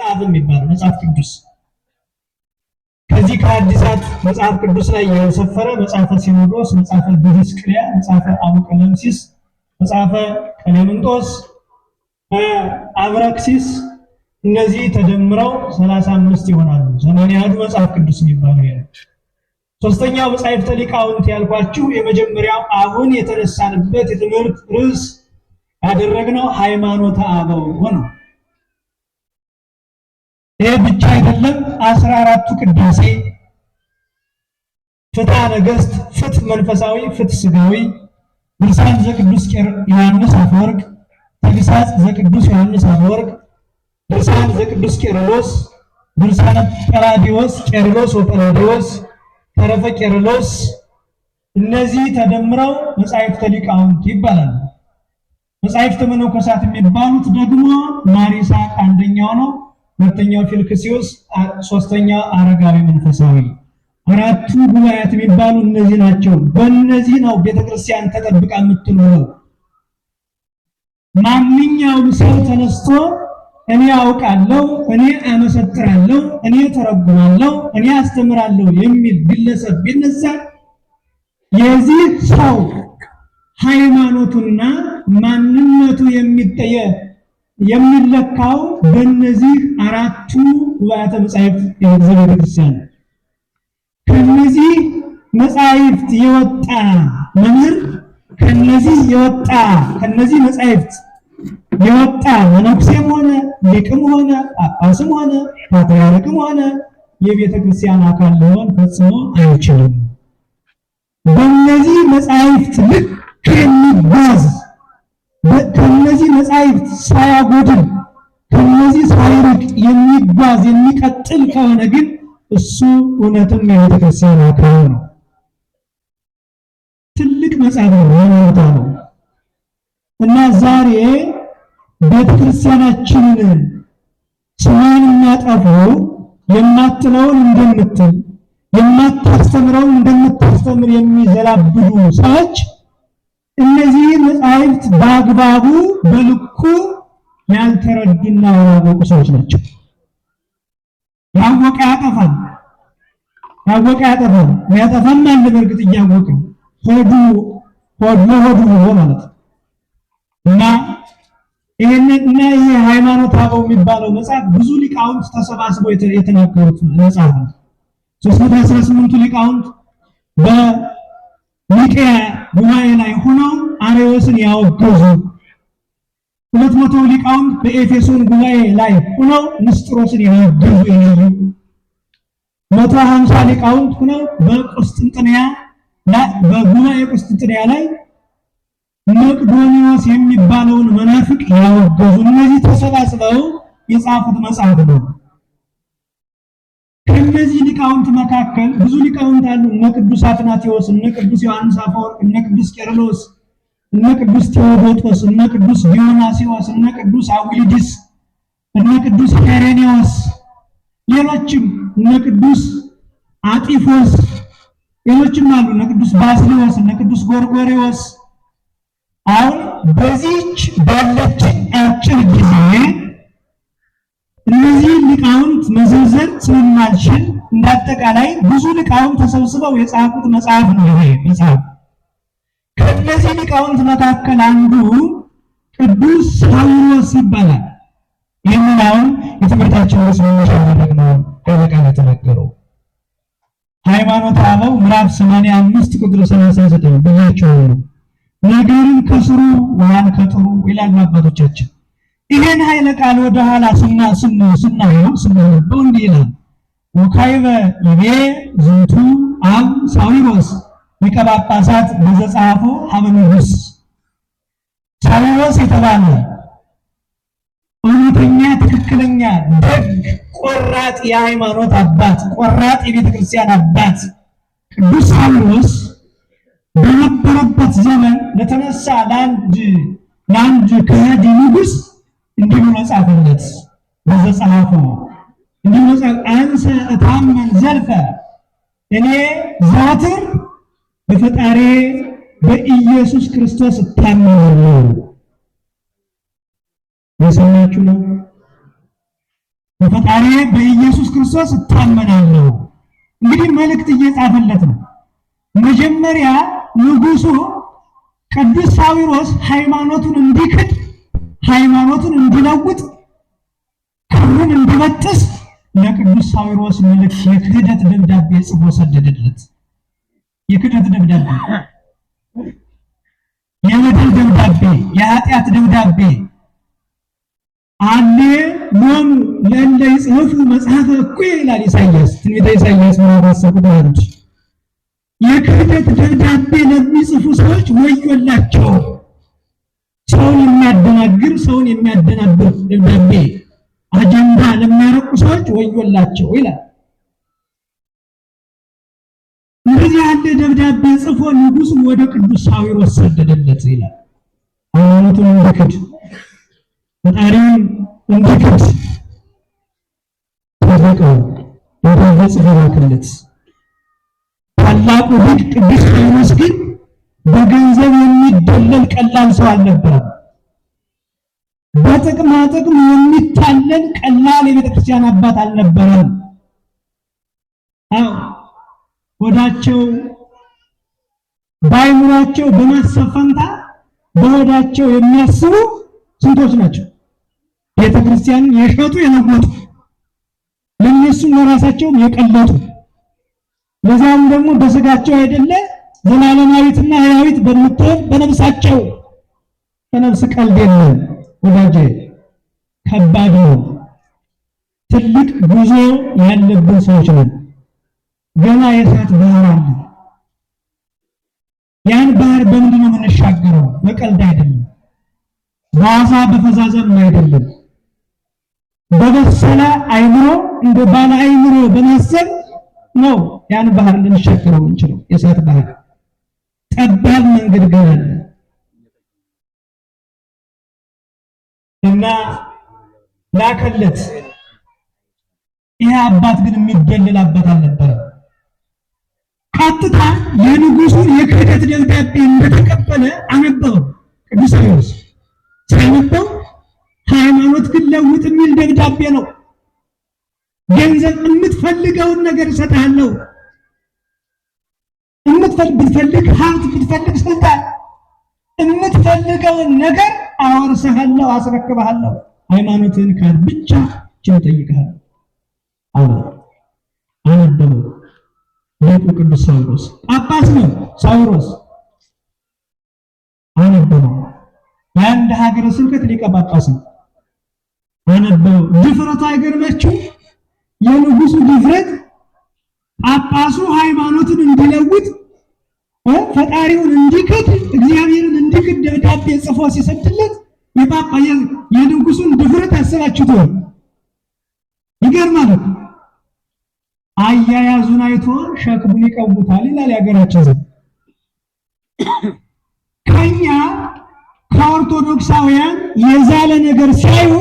መጽሐፍ የሚባለው መጽሐፍ ቅዱስ ከዚህ ከአዲሳት መጽሐፍ ቅዱስ ላይ የሰፈረ መጽሐፈ ሲኖዶስ፣ መጽሐፈ ዲድስቅልያ፣ መጽሐፈ አቡቀለምሲስ፣ መጽሐፈ ቀሌምንጦስ፣ አብራክሲስ እነዚህ ተደምረው አምስት ይሆናሉ። ያህዱ መጽሐፍ ቅዱስ የሚባሉ ያ ሶስተኛው መጻሕፍተ ሊቃውንት ያልኳችሁ የመጀመሪያው አሁን የተነሳንበት የትምህርት ርዕስ ያደረግነው ሃይማኖተ አበው ነው። ይህ ብቻ አይደለም። አስራ አራቱ ቅዳሴ ፍትሐ ነገሥት፣ ፍትህ መንፈሳዊ፣ ፍትህ ስጋዊ፣ ድርሳን ዘቅዱስ ዮሐንስ አፈወርቅ፣ ተግሳጽ ዘቅዱስ ዮሐንስ አፈወርቅ፣ ድርሳን ዘቅዱስ ቄርሎስ፣ ድርሳነ ጰላዲዎስ ቄርሎስ ወጰላዲዎስ፣ ተረፈ ቄርሎስ እነዚህ ተደምረው መጻሕፍተ ሊቃውንት ይባላሉ። መጻሕፍተ መነኮሳት የሚባሉት ደግሞ ማሪሳቅ አንደኛው ነው። ሁለተኛው ሲውስ ሶስተኛው አረጋዊ መንፈሳዊ። አራቱ ጉባኤያት የሚባሉ እነዚህ ናቸው። በእነዚህ ነው ቤተክርስቲያን ተጠብቃ የምትኖረው። ማንኛውም ሰው ተነስቶ እኔ አውቃለሁ፣ እኔ አመሰጥራለሁ፣ እኔ ተረጉማለሁ፣ እኔ አስተምራለሁ የሚል ግለሰብ ቢነሳ የዚህ ሰው ሃይማኖቱና ማንነቱ የሚጠየ የሚለካው በእነዚህ አራቱ ጉባኤተ መጻሕፍት የመግዘብ ቤተክርስቲያን ከነዚህ መጻሕፍት የወጣ መምህር ከነዚህ የወጣ ከነዚህ መጻሕፍት የወጣ መነኩሴም ሆነ ሊቅም ሆነ ጳጳስም ሆነ ፓትርያርክም ሆነ የቤተ ክርስቲያን አካል ሊሆን ፈጽሞ አይችልም። በእነዚህ መጻሕፍት ልክ የሚጓዝ ከነዚህ መጻሕፍት ሳያጎድል ከነዚህ ሳይርቅ የሚጓዝ የሚቀጥል ከሆነ ግን እሱ እውነትም የቤተ አካል ነው። ትልቅ መጽሐፍ ነው፣ ሃይማኖታ ነው እና ዛሬ ቤተ ክርስቲያናችንን ስሟን የሚያጠፉ የማትለውን እንደምትል የማታስተምረውን እንደምታስተምር የሚዘላብዱ ሰዎች እነዚህ መጻሕፍት በአግባቡ በልኩ ያልተረዱና ያላወቁ ሰዎች ናቸው። ያወቀ ያጠፋል፣ ያወቀ ያጠፋል። ያጠፋም አለ በእርግጥ እያወቀ ሆዱ ሆዱ ሆዱ ማለት እና ይሄንን እና ይሄ ሃይማኖት አበው የሚባለው መጽሐፍ ብዙ ሊቃውንት ተሰባስበው የተናገሩት መጽሐፍ ነው። 318ቱ ሊቃውንት በኒቄያ ጉባኤ ላይ ሆነው አሬዎስን ያወገዙ ሁለት መቶ ሊቃውንት በኤፌሶን ጉባኤ ላይ ሆነው ንስጥሮስን ያወገዙ የነበሩ መቶ ሀምሳ ሊቃውንት ሆነው በቁስጥንጥንያ በጉባኤ ቁስጥንጥንያ ላይ መቅዶኒዎስ የሚባለውን መናፍቅ ያወገዙ እነዚህ ተሰባስበው የጻፉት መጽሐፍ ነው። ከእነዚህ ሊቃውንት መካከል ብዙ ሊቃውንት አሉ። እነ ቅዱስ አትናቴዎስ፣ እነ ቅዱስ ዮሐንስ አፈወርቅ፣ እነ ቅዱስ ቄርሎስ፣ እነ ቅዱስ ቴዎዶጦስ፣ እነ ቅዱስ ዲዮናሲዎስ፣ እነ ቅዱስ አውግሊዲስ፣ እነ ቅዱስ ሄሬኔዎስ፣ ሌሎችም እነ ቅዱስ አጢፎስ፣ ሌሎችም አሉ። እነ ቅዱስ ባስሌዎስ፣ እነ ቅዱስ ጎርጎሬዎስ አሁን በዚህች ባለችን አጭር ጊዜ እነዚህ ሊቃውንት መዘርዘር ስለማልችል እንዳጠቃላይ ብዙ ሊቃውንት ተሰብስበው የጻፉት መጽሐፍ ነው ይሄ መጽሐፍ። ከእነዚህ ሊቃውንት መካከል አንዱ ቅዱስ ሳዊሮስ ይባላል። ይህንን አሁን የትምህርታችን ርዕስ መነሻ ማድረግ ነው። ቃል የተነገረው ሃይማኖተ አበው ምዕራፍ ቁጥር ብያቸው ነገርን ከስሩ ውሃን ከጥሩ ይላሉ አባቶቻችን ይሄን ኃይለ ቃል ወደ ኋላ ወደኋላ ስናየው ስናነበው እንዲህ ይላል። ወካይበ ይቤ ዝንቱ አብ ሳዊሮስ ሊቀ ጳጳሳት በዘጸሐፎ ሀበ ሳዊሮስ የተባለ እውነተኛ ትክክለኛ ደግ ቆራጥ የሃይማኖት አባት ቆራጥ የቤተ ክርስቲያን አባት ቅዱስ ሳዊሮስ በነበረበት ዘመን ለተነሳ ለአንድ ለአንድ ከሃዲ ንጉስ እንዲህ ብሎ ጻፈለት። እንዲህ ብሎ እታመን ዘልፈ፣ እኔ በፈጣሪ በኢየሱስ ክርስቶስ እታመናለሁ። የሰማችሁ ነው። በፈጣሪ በኢየሱስ ክርስቶስ እታመናለሁ። እንግዲህ መልእክት እየጻፈለት ነው። መጀመሪያ ቅዱስ ሳዊሮስ ሃይማኖቱን እንዲክድ ሃይማኖትን እንዲለውጥ ክብሩን እንዲበጥስ ለቅዱስ ሳዊሮስ መልእክት የክህደት ደብዳቤ ጽፎ ሰደደለት። የክህደት ደብዳቤ፣ የበደል ደብዳቤ፣ የኃጢአት ደብዳቤ አኔ ሞኑ ለእንደ ይጽሑፉ መጽሐፈ እኩይ ይላል ኢሳያስ፣ ትንቢተ ኢሳያስ ምዕራፍ ባህሮች የክህደት ደብዳቤ ለሚጽፉ ሰዎች ወዮላቸው። የሚያደናግር ሰውን የሚያደናግር ደብዳቤ አጀንዳ ለሚያረቁ ሰዎች ወዮላቸው ይላል። እንደዚህ ያለ ደብዳቤ ጽፎ ንጉሱ ወደ ቅዱስ ሳዊሮስ ሰደደለት ይላል። ሃይማኖቱን እንዲክድ ፈጣሪውን እንዲክድ ተዘቀው ደብዳቤ ጽፎ ላክለት። ታላቁ ድድ ቅዱስ ሳዊሮስ ግን በገንዘብ የሚደለል ቀላል ሰው አልነበረም። በጥቅማ ጥቅም የሚታለል ቀላል የቤተክርስቲያን አባት አልነበረም። አዎ ሆዳቸው በአይምሯቸው በማሰብ ፈንታ በሆዳቸው የሚያስቡ ስንቶች ናቸው? ቤተክርስቲያንን የሸጡ የለወጡ፣ ለእነሱም ለራሳቸውም የቀለጡ ለዚያም ደግሞ በስጋቸው አይደለ ዘላለማዊትና ሕያዊት በምትሆን በነብሳቸው የነፍስ ቀልድ የለም ወዳጄ፣ ከባድ ነው። ትልቅ ጉዞ ያለብን ሰዎች ነን። ገና የእሳት ባህር አለ። ያን ባህር በምንድን ነው የምንሻገረው? በቀልድ አይደለም፣ በአሳ በፈዛዘም አይደለም። በበሰለ አይምሮ እንደ ባለ አይምሮ በማሰብ ነው ያን ባህር ልንሻገረው የምንችለው። የእሳት ባህር ጠባብ መንገድ ግን አለ። እና ላከለት። ይህ አባት ግን የሚደለል አባት ቀጥታ የንጉሱን የክህደት ደብዳቤ እንደተቀበለ አነበበው ቅዱስ ጳውሎስ። ሳነበው ሃይማኖት ግን ለውጥ የሚል ደብዳቤ ነው። ገንዘብ የምትፈልገውን ነገር እሰጥሃለሁ፣ የምትፈልግ ብትፈልግ ሀብት፣ ብትፈልግ ስልጣን የምትፈልገውን ነገር አወርሰሃለሁ፣ አስረክበሃለሁ። ሃይማኖትን ካል ብቻ ችን ጠይቀሃል። አሁ አነበበ ሊቁ ቅዱስ ሳዊሮስ ጳጳስ ነው። ሳዊሮስ አነበበው። የአንድ ሀገረ ስብከት ሊቀ ጳጳስ ነው። አነበበው። ድፍረቱ አይገርመችው የንጉሱ ድፍረት ጳጳሱ ሃይማኖትን እንዲለውጥ ፈጣሪውን እንዲክድ እግዚአብሔርን እንዲክድ ደብዳቤ ጽፎ ሲሰድለት የጳጳ የንጉሱን ድፍረት ያስባችሁት ወይ? ይገርማል። አያያዙን አይቶ ሸክሙን ይቀቡታል ይላል ያገራቸው ዘ ከኛ ከኦርቶዶክሳውያን የዛለ ነገር ሲያዩ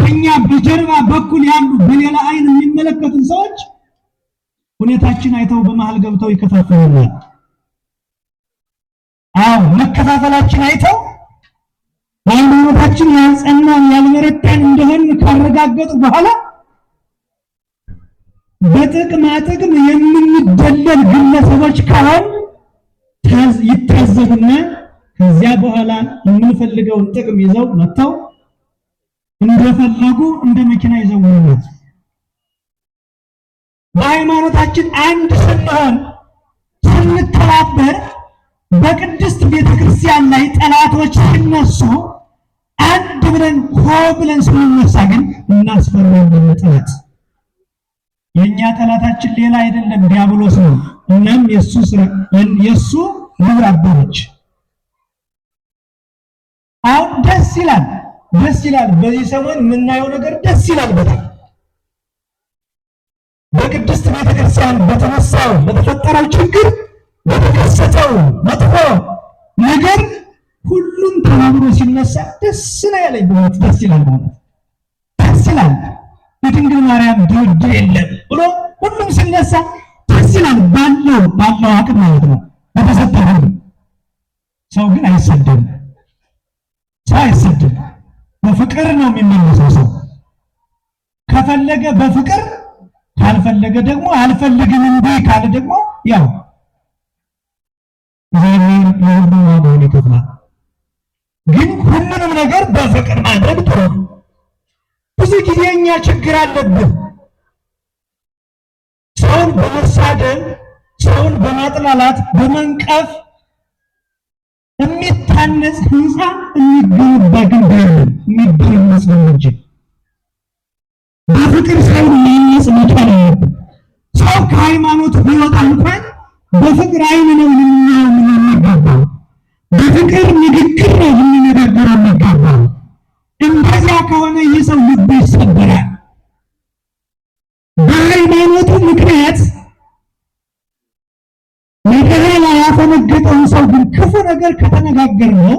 ከኛ በጀርባ በኩል ያሉ በሌላ አይን የሚመለከቱን ሰዎች ሁኔታችን አይተው በመሀል ገብተው ይከፋፈሉናል። አዎ መከፋፈላችን አይተው በሃይማኖታችን ያንጸና ያልመረጠን እንደሆን ካረጋገጡ በኋላ በጥቅማ ጥቅም የምንደለል ግለሰቦች ካሁን ይታዘቡና ከዚያ በኋላ የምንፈልገውን ጥቅም ይዘው መጥተው እንደፈለጉ እንደ መኪና ይዘው ወይነት በሃይማኖታችን አንድ ስንሆን ስንተባበር በቅድስት ቤተክርስቲያን ላይ ጠላቶች ሲነሱ አንድ ብለን ሆ ብለን ስንነሳ ግን እናስፈራለን። ጠላት የእኛ ጠላታችን ሌላ አይደለም ዲያብሎስ ነው። እናም የእሱ የእሱ አባሮች አበሮች አሁን ደስ ይላል፣ ደስ ይላል። በዚህ ሰሞን የምናየው ነገር ደስ ይላል በጣም በቅድስት ቤተክርስቲያን በተነሳው በተፈጠረው ችግር የተከሰተው መጥፎ ነገር ሁሉም ተባብሮ ሲነሳ ደስ ነው ያለኝ። በእውነት ደስ ይላል፣ በእውነት ደስ ይላል። በድንግል ማርያም ድርድር የለም ብሎ ሁሉም ሲነሳ ደስ ይላል። ባለው ባለው አቅም ማለት ነው በተሰጠ ሁሉ ሰው ግን አይሰደም። ሰው አይሰደም። በፍቅር ነው የሚመለሰው ሰው ከፈለገ በፍቅር ካልፈለገ ደግሞ አልፈልግም እንዴ ካለ ደግሞ ያው እግዚአብሔር ለሁሉም መሆን ይገባል። ግን ሁሉንም ነገር በፍቅር ማድረግ ጥሩ ነው። ብዙ ጊዜ እኛ ችግር አለብን። ሰውን በመሳደብ፣ ሰውን በማጥላላት፣ በመንቀፍ የሚታነጽ ህንፃ የሚገነባ ግን ባይሆን የሚገነጽ ነው እንጂ በፍቅር ሰውን ማነጽ መቻል አለብን። ሰው ከሃይማኖት ቢወጣ እንኳን በፍቅር አይን ነው መጥፎ ነገር ከተነጋገር ነው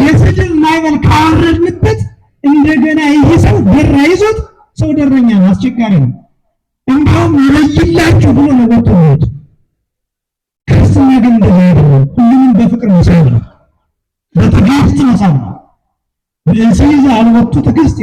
የስድብ ማዕበል ካወረድንበት እንደገና ይህ ሰው ደራ ይዞት ሰው ደረኛ ነው፣ አስቸጋሪ ነው። እንዲሁም ይለይላችሁ ብሎ ነው ወጥቶ ነው። ክርስትና ግን እንደዛ ሁሉንም በፍቅር መሳብ ነው፣ በትዕግስት መሳብ ነው። በእንስይዛ አልወጡ ትዕግስት